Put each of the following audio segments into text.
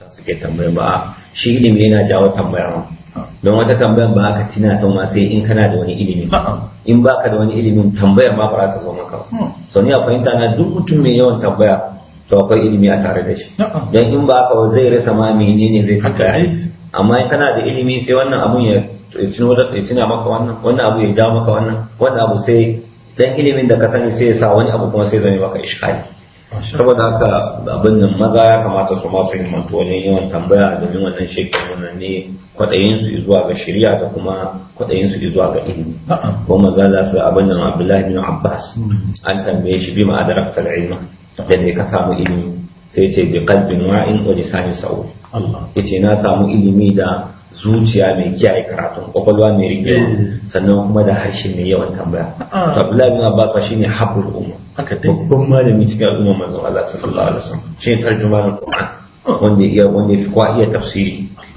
sa suke tambayan ba shi ilimi yana jawo tambayar don wata tambayar ba ka tina ta ma sai in kana da wani ilimi in baka da wani ilimin tambayar ba ba ta zo maka hmm. so ni a fahimta na duk mutum mai yawan tambaya to akwai ilimi a tare da shi don in ba ka zai rasa ma menene zai fita amma in kana da ilimi sai wannan abun ya tina maka wannan wannan abu ya jawo maka wannan wannan abu sai dan ilimin da ka sani sai ya sa wani abu kuma sai zai maka ishkali saboda haka abin nan maza ya kamata su ma fahimta wajen yawan tambaya domin wannan shekaru wannan ne su zuwa ga shirya da kuma kwaɗayinsu zuwa ga ilimi ko maza za su abin nan abdullahi bin abbas mm. an tambaye shi bi ma'adar aftar da ne ka samu ilimi sai ce bi kalbin wa'in wa lisani sa'u yace na samu ilimi da zuciya mai kiyaye karatun kwakwalwa mai rike eh. sannan kuma da harshe mai yawan tambaya ah. to abdullahi bin abbas shine habbul umma babban malami cikin al'umma manzon Allah sallallahu alaihi wasallam shine tarjumanin qur'an ah. wanda ya wanda fi kwa iya tafsiri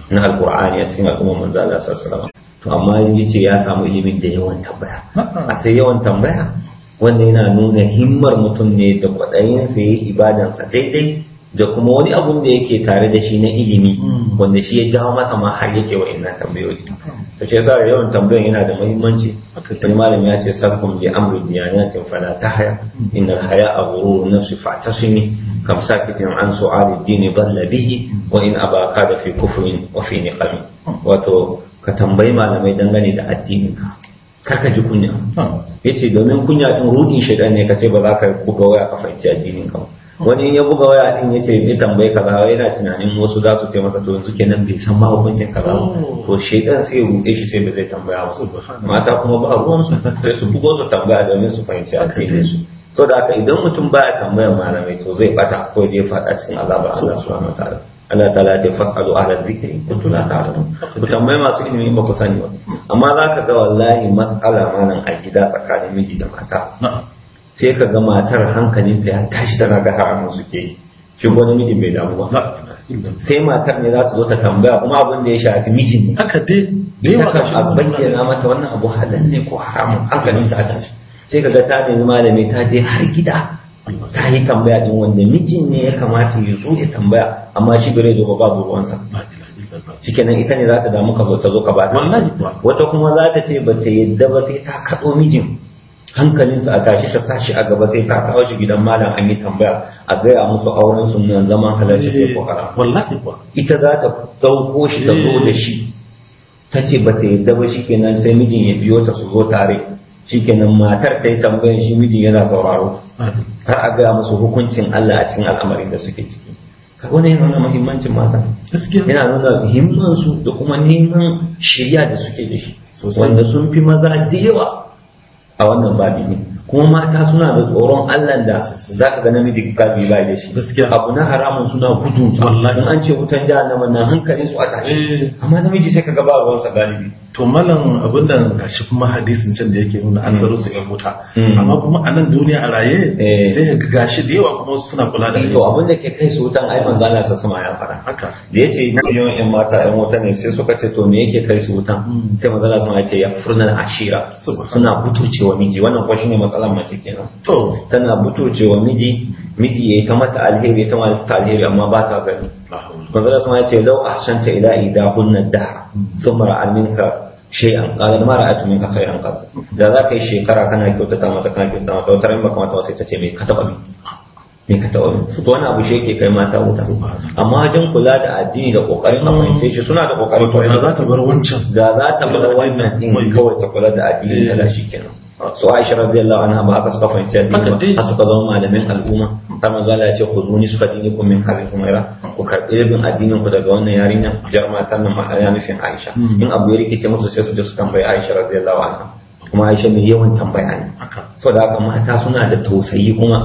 na alqur'ani a cikin al'umma manzon Allah sallallahu alaihi wasallam to amma yace ya samu ilimin da yawan tambaya ah. a sai yawan tambaya wanda yana nuna himmar mutum ne da kwaɗayinsa ya yi ibadansa daidai da kuma wani abun da yake tare da shi na ilimi mm. wanda shi ya jawo masa ma har yake wa ina tambayoyi ta ce sa yawan tambayoyin yana da muhimmanci wani malam ya ce sarkum bi amru diyanatin fala tahya ta haya a ghurur su fatasimi kam sakitin an su'ali dini ban bihi wa in abaka da fi kufrin wa fi niqami wato ka tambayi malamai dangane da addinin ka karka ji kunya ah. yace domin kunya din ruɗi shaidan ne ka ce ba za ka buga waya ka fahimci addinin ka ba wani ya buga waya din ya ce ni tambaye kaza yana tunanin wasu za su ce masa to yanzu kenan bai san ba hukuncin kaza ba oh. to shaidan sai ya ruɗe shi sai ba zai tambaya ba mata kuma ba ruwan su sai su bugo su tambaya domin su fahimci addinin su to da haka idan mutum baya tambayar malamai to zai bata ko zai fada cikin azaba Allah subhanahu wataala Allah ta'ala ce fas'alu ala dhikri kuntu la ta'lamun ku tambaye masu ilimi ba ku sani ba amma zaka ga wallahi mas'ala malam a gida tsakanin miji da mata sai ka ga matar hankalinta ya tashi tana ga haramun suke yi shi ko namijin bai damu ba sai matar ne za ta zo ta tambaya kuma abin da ya shafi mijin ne haka dai da yawa ka shi na mata wannan abu halal ne ko haramun hankalin ta tashi sai ka ga ta ne malami ta je har gida ta yi tambaya din wanda mijin ne ya kamata ya zo ya tambaya amma shi bai zo ba ruwansa shikenan ita ne za ta damu ka ta zo ka ba ta wata kuma za ta ce ba ta yadda ba sai ta kaɗo mijin hankalinsa a tashi ta sashi a gaba sai ta kawo shi gidan malam an yi tambaya a gaya musu auren su nan zaman halarci ko haram eh, wallahi kuwa ita za ta dauko shi ta zo da shi ta ce ba ta yadda ba shikenan sai mijin ya biyo ta su zo tare shikenan matar ta yi tambayan shi mijin yana sauraro har a gaya musu hukuncin Allah a cikin al'amarin da suke ciki wani yana nuna muhimmancin mata yana nuna himmansu da kuma neman shirya da suke da shi wanda sun fi maza da yawa a wannan babi ne kuma mata suna da tsoron Allah da za ka ga namiji gabi ba da shi gaskiya abu na haramun suna gudu su in an ce wutan jahannama na hankalin su a tashi eh. amma namiji sai ka ga ba ruwansa galibi to malam abin da gashi kuma hadisin can da yake nuna an zaro su ga wuta hmm. amma kuma a nan duniya a raye eh. sai ka gashi da yawa kuma suna kula da eh, to abin da ke kai su wutan ai manzo Allah sa sama ya fara haka da yace miliyon yan mata yan wuta ne sai suka ce to me yake kai su wutan hmm. sai manzo Allah sama ya ce yafurnal ashira suna buturcewa miji wannan kwashi shine matsalar mace kenan to tana butucewa miji miji yayi ta mata alheri ya ta mata alheri amma ba ta gani manzala sama ya ce lau ahsanta ila idahunna dahr thumma ra'a minka shay'an qala ma ra'atu minka khayran qad da za kai shekara kana kyautata mata kana kyautata mata wata ran baka mata sai ta ce me ka taba me ka taɓa su to wani abu shi yake kai mata wuta amma don kula da addini da kokarin amince shi suna da kokarin to da za ta bar wancan da za ta bar wannan din kawai ta kula da addini ta da shi kenan su Aisha radiyallahu anha ba haka suka fahimci addini ba suka zama malamin al'umma ta manzo Allah ya ce ku zuni suka dini ku min kuma umaira ku karbi rabin addinin ku daga wannan yarinya jar matan nan ya nufin Aisha hmm. in abu ya rikice musu sai su je su tambayi Aisha radiyallahu anha kuma Aisha mai yawan tambaya ne saboda haka mata suna da tausayi kuma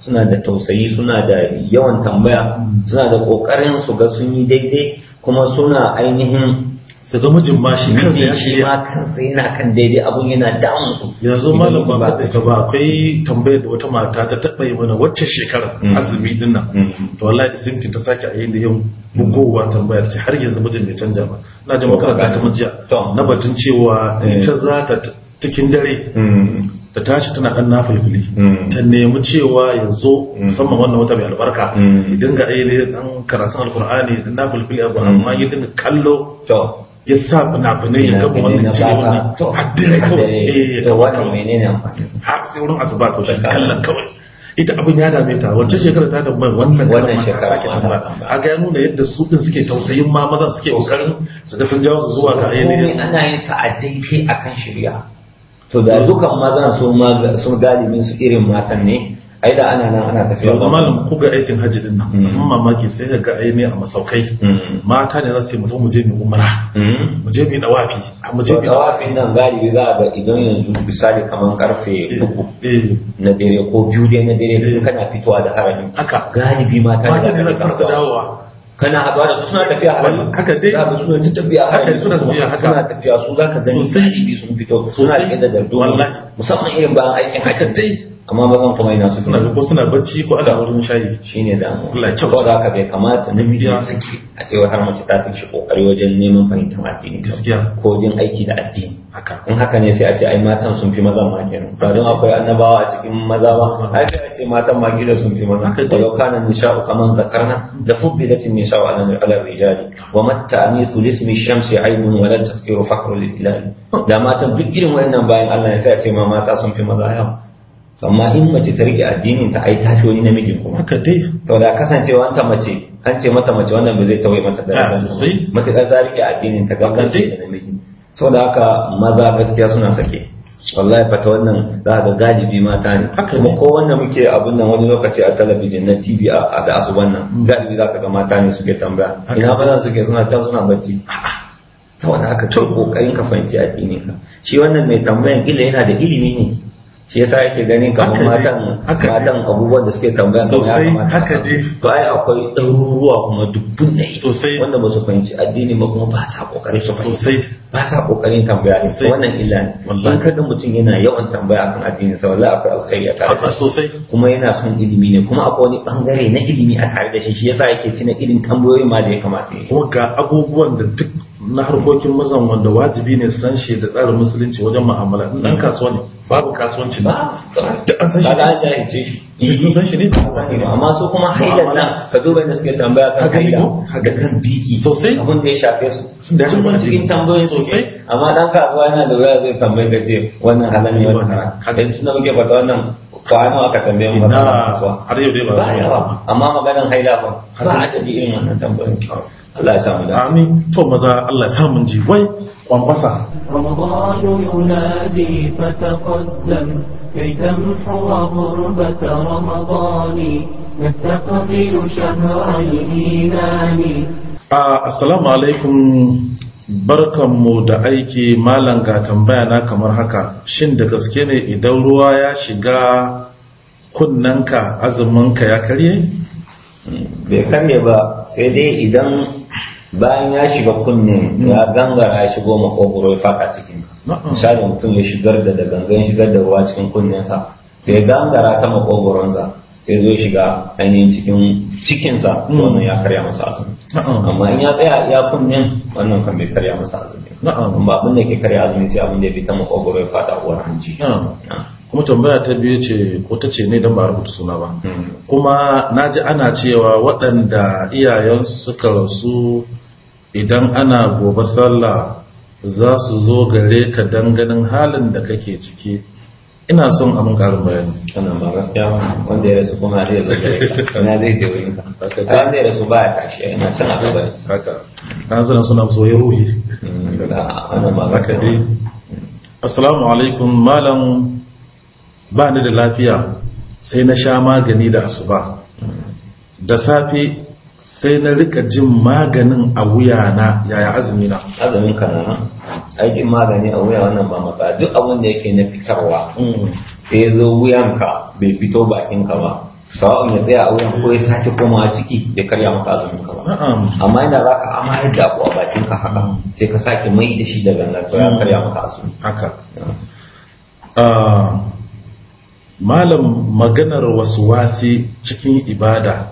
suna da tausayi suna da yawan tambaya hmm. suna da kokarin su ga sun yi daidai kuma suna ainihin ta zama jimmashi kan shi ma kansa yana kan daidai abun yana damun su yanzu malam ba ta ba akwai tambayar da wata mata ta taɓa yi mana wacce shekara mm. azumi din nan mm. to wallahi da sinti ta sake a da yau bugowa tambayar ce har yanzu mijin bai canja ba na ji makarata ta majiya na batun cewa eh. ta za ta cikin dare mm. ta tashi tana dan fulfuli ta nemi cewa ya zo musamman wannan wata mai albarka idan ga ainihin dan karatun alkur'ani dan fulfuli abu amma yi dinga kallo ya sa fina-finai ya gaba wannan cewa to addare kawai eh, eh ya kawai kawai menene amfani har sai wurin asuba to shi kallon kawai ita abin ya dame ta wacce shekara ta mai wannan wannan shekara ta tambaya a ga nuna yadda su din suke tausayin ma maza suke kokarin su dafin sun jawo su zuwa ga ne ana yin sa a daidai akan shirya to da dukan mazan su ma sun galibin su irin matan ne ai da ana nan ana tafiya yanzu malam ku ga aikin hajji din nan amma mamaki sai ka ga aini a masaukai mm. mata ne za su ce mu zo mu je mu umra mm. mu je mu dawafi mu je mu dawafi nan galibi za a ga idan yanzu misali kaman karfe eh, uku eh. na dare ko biyu dai na dare eh. kana fitowa da haramin haka galibi mata ne za su dawowa kana haɗuwa da su suna tafiya a haka dai za suna tafiya haka suna tafiya haka suna tafiya su zaka gani sosai sun fito suna riƙe da wallahi musamman irin bayan aikin haka dai amma mazan kuma ina su suna ko suna bacci ko ana wurin shayi shine da Allah kyau saboda haka bai kamata namiji ya saki a cewa har mace ta fi shi kokari wajen neman fahimtar addini gaskiya ko jin aiki da addini haka in haka ne sai a ce ai matan sun fi maza ma kenan ba don akwai annabawa a cikin maza ba ai sai a ce matan ma gida sun fi maza wa law kana nisha'u kaman zakarna da fubbilat nisha'u ala ala rijali wa matta anisu lismi shamsi aibun wa la tazkiru fakhru lil ilahi da matan duk irin wannan bayan Allah ya sai a ce ma mata sun fi maza yawa amma in mace ta rike addinin ta ai tashi wani namijin kuma haka dai to da kasancewa ta mace an ce mata mace wannan ba zai tawaye mata ah, da sosai matakar ta rike addinin ta gaban da namiji so da haka maza gaskiya suna sake wallahi fata wannan za ga galibi mata ne kuma ko wanda muke abun nan wani lokaci a talabijin na TV a da asu wannan hmm. galibi za ka ga mata ne suke tambaya ina ba za suke suna ta suna bacci saboda haka to kokarin ka fanci addinin ka shi wannan mai tambayan ila yana da ilimi ne shi yasa yake ganin kamar matan matan abubuwan da suke tambaya kamar ya kamata haka je bai akwai ɗaruruwa kuma dubbun ne sosai wanda ba su fahimci addini ba kuma ba sa kokarin su sosai ba sa kokari tambaya sosai wannan illa ne in kada mutum yana yawan tambaya akan addini sa wallahi akwai alkhairi a tare sosai kuma yana son ilimi ne kuma akwai wani bangare na ilimi a tare da shi shi yasa yake tina irin tambayoyi ma da ya kamata ya ga abubuwan da duk na harkokin mazan wanda wajibi ne san shi da tsarin musulunci wajen mu'amala dan kasuwa ne babu kasuwanci ba da an san shi ba da ya ce shi eh, san shi ne amma su kuma haidan nan ka duba da suke tambaya kan haida da kan biki sosai abin da ya shafe su sun da shi cikin tambayoyin sosai amma dan kasuwa yana da wuya zai tambaye ka ce wannan halayen ne ba hakan tun da muke fata wannan to ai ma aka tambaye mu masala har yau dai ba za a amma maganan haila ba ba adadi irin wannan tambayoyin Allah ya samu da amin to maza Allah ya samu ji wai kwankwasa رمضان ينادي فتقدم كي تمحو غربة رمضان نستقبل شهر الإيمان السلام عليكم barkanmu da aiki malam ga tambaya na kamar haka shin da gaske ne idan ruwa ya shiga kunnanka azuminka ya karye? bai karye ba sai dai idan bayan ya shiga kunne ya gangara ya shigo makogoro ya faka cikin misali mutum ya shigar da da gangan shigar da ruwa cikin kunnensa sai gangara ta makogoronsa sai zo shiga ainihin cikin cikinsa mm. wannan ya karya masa azumi amma in ya tsaya ya kunnen wannan kan bai karya masa azumi na'am ba abin da ke karya azumi sai abin da ya fita makogoro ya fada uwar hanji kuma tambaya ta biyu ce ko ta ce ne don ba rubuta suna ba hmm. kuma na ji ana cewa waɗanda iyayensu suka rasu idan ana gobe sallah za su zo gare ka don ganin halin da kake ciki ina son amin karin bayani kana ba gaskiya wanda ya rasu kuma zai zai na zai je wurin wanda ya rasu ba ya tashi ina can a gaba haka kan suna suna so ya ruhi hmm, haka dai assalamu alaikum malam ba ni da lafiya sai na sha magani da asuba da safe sai na rika jin maganin a wuya na yaya azumi na azumin ka na aikin magani a wuya wannan ba matsa duk abin da yake na fitarwa mm. sai zo wuyanka bai fito bakinka ba sawa'un ya tsaya a wuyan ko ya sake komawa ciki bai karya maka azumin ka ba amma yana za ka amma da abu a bakinka haka mm. sai ka sake mai da shi daga nan to ya mm. karya maka haka ah, malam maganar wasu wasi cikin ibada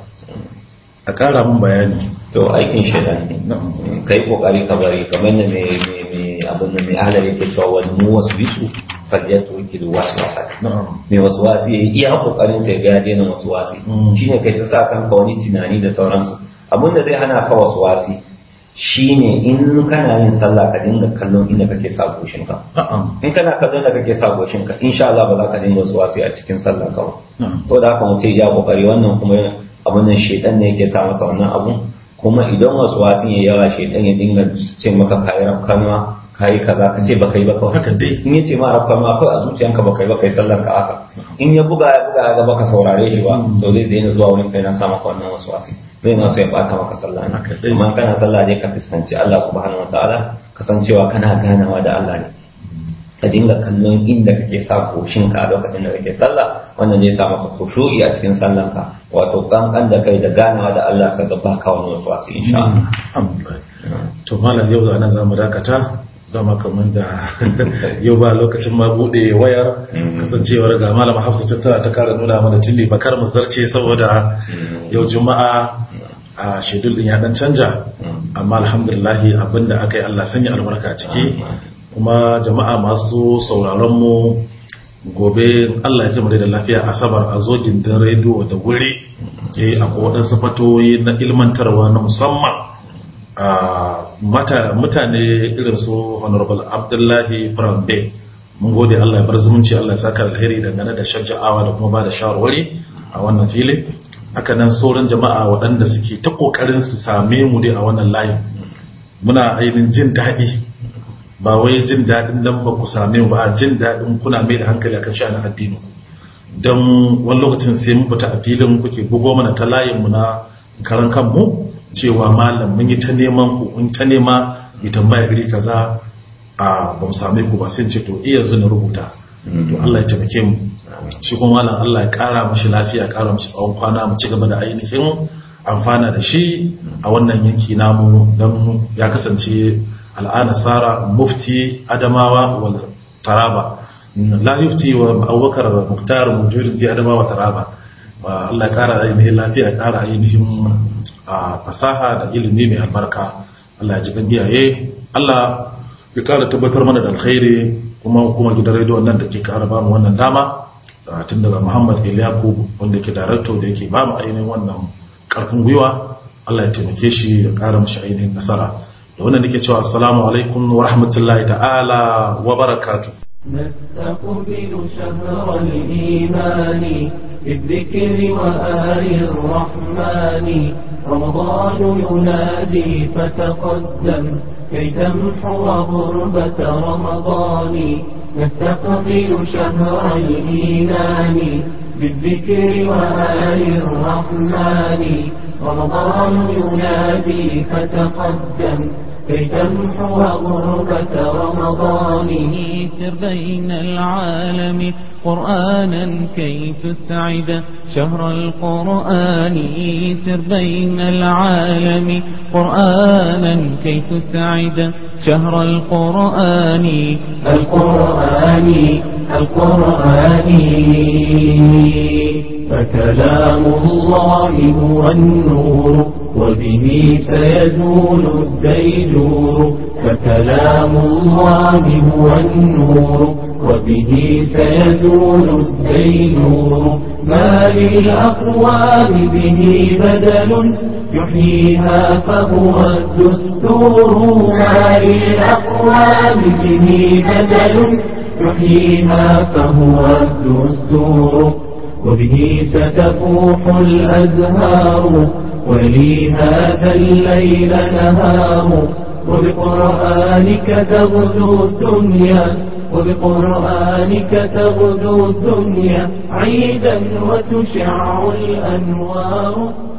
a ƙara mun bayani to aikin shaida ne ka yi ka bari kamar ne mai abin da mai da yake cewa wani mu wasu bisu fadiyatu yake da wasu wasa mai wasu wasi ya yi iya sai ga daina wasu wasi mm. shine kai ta sa kanka wani tunani da sauransu Abun da zai hana ka wasu wasi shine in kana yin sallah ka dinga kallon inda kake sa goshin ka in kana kallon da kake sa goshin ka insha Allah ba za ka dinga wasu wasi a cikin sallah ka ba saboda haka mutum ya kokari wannan kuma abin nan ne yake sa masa wannan abun kuma idan wasu wasin ya yawa shaidan ya dinga ce maka kayi rafkanwa kayi kaza ka ce baka yi ba kawai haka dai in ya ce ma rafkanwa kawai a zuciyanka baka yi ba kai sallar ka haka in ya buga ya buga ga baka saurare shi ba to zai daina zuwa wurin kai na sa maka wannan wasu wasu zai na so ya bata maka sallah ne amma kana sallah ne ka fuskanci Allah subhanahu wataala kasancewa kana ganawa da Allah ne ka dinga kallon inda kake sa koshin ka lokacin da kake sallah wannan zai sa maka khushu'i a cikin sallan ka wato kankan da kai da ganawa da Allah ka gaba ka wani wasu insha Allah to malam yau da nan zamu dakata zama kamar da yau ba lokacin ma bude wayar mm. kasancewar ga malam Hafsatu tana ta kara nuna mana tilli bakar mu zarce saboda mm. yau juma'a a shedul din ya dan canja mm. amma alhamdulillah abinda aka yi Allah sanya albarka ciki kuma jama'a masu sauraron mu gobe Allah ya kamar da lafiya asabar a zo gindin rediyo da wuri eh akwai waɗansu fatoyi na ilmantarwa na musamman a mutane irin su honorable abdullahi farambe mun gode Allah ya bar zumunci Allah ya saka alheri dangane da shaja'awa da kuma ba da shawarwari a wannan filin haka nan sauran jama'a waɗanda suke ta ƙoƙarin su same mu dai a wannan layin muna ainihin jin daɗi ba wai jin daɗin nan ba ku same ba a jin daɗin kuna mai da hankali a akan sha'anin addini don wani lokacin sai mun fita a filin kuke gugo mana ta layin mu na karan kanmu cewa malam mun yi ta neman ku in ta nema yi tambaya gari kaza a ba mu same ku ba sai ce to iya eh, yanzu na rubuta mm. to Allah ya tabbake mu shi kuma malam Allah ya kara mishi lafiya kara mishi tsawon kwana mu ci gaba da ainihin amfana da shi a wannan yanki namu don ya kasance al'ana sara mufti adamawa wal taraba la wa abubakar muktar mujudin adamawa taraba Allah ya kara ainihin lafiya ya kara ainihin fasaha da ilimi mai albarka Allah ya ji kan giyaye Allah ya kara tabbatar mana da alkhairi kuma kuma gidan rediyon nan da ke kara ba mu wannan dama tun daga Muhammad iliyaku wanda ke darakto da yake ba mu ainihin wannan karfin gwiwa Allah ya taimake shi ya kara mashi ainihin nasara هنا wannan nake cewa assalamu alaikum wa rahmatullahi ta'ala wa barakatuh نستقبل شهر الإيمان بالذكر وآل الرحمن رمضان ينادي فتقدم كي تمحو غربة رمضان نستقبل شهر الإيمان بالذكر وآل الرحمن رمضان ينادي فتقدم كي تمحو غربة رمضانه بين العالم قرآنا كي تسعد شهر القرآن سر بين العالم قرآنا كي تسعد شهر القرآن القرآن القرآن فكلام الله هو النور وبه سيزول الديجور فكلام الله هو النور وبه سيزول الدينور ما للأقوال به بدل يحييها فهو الدستور ما للأقوام به بدل يحييها فهو الدستور وبه ستفوح الأزهار ولي هذا الليل نهار وبقرآنك تغدو الدنيا وبقرآنك تغدو الدنيا عيدا وتشع الأنوار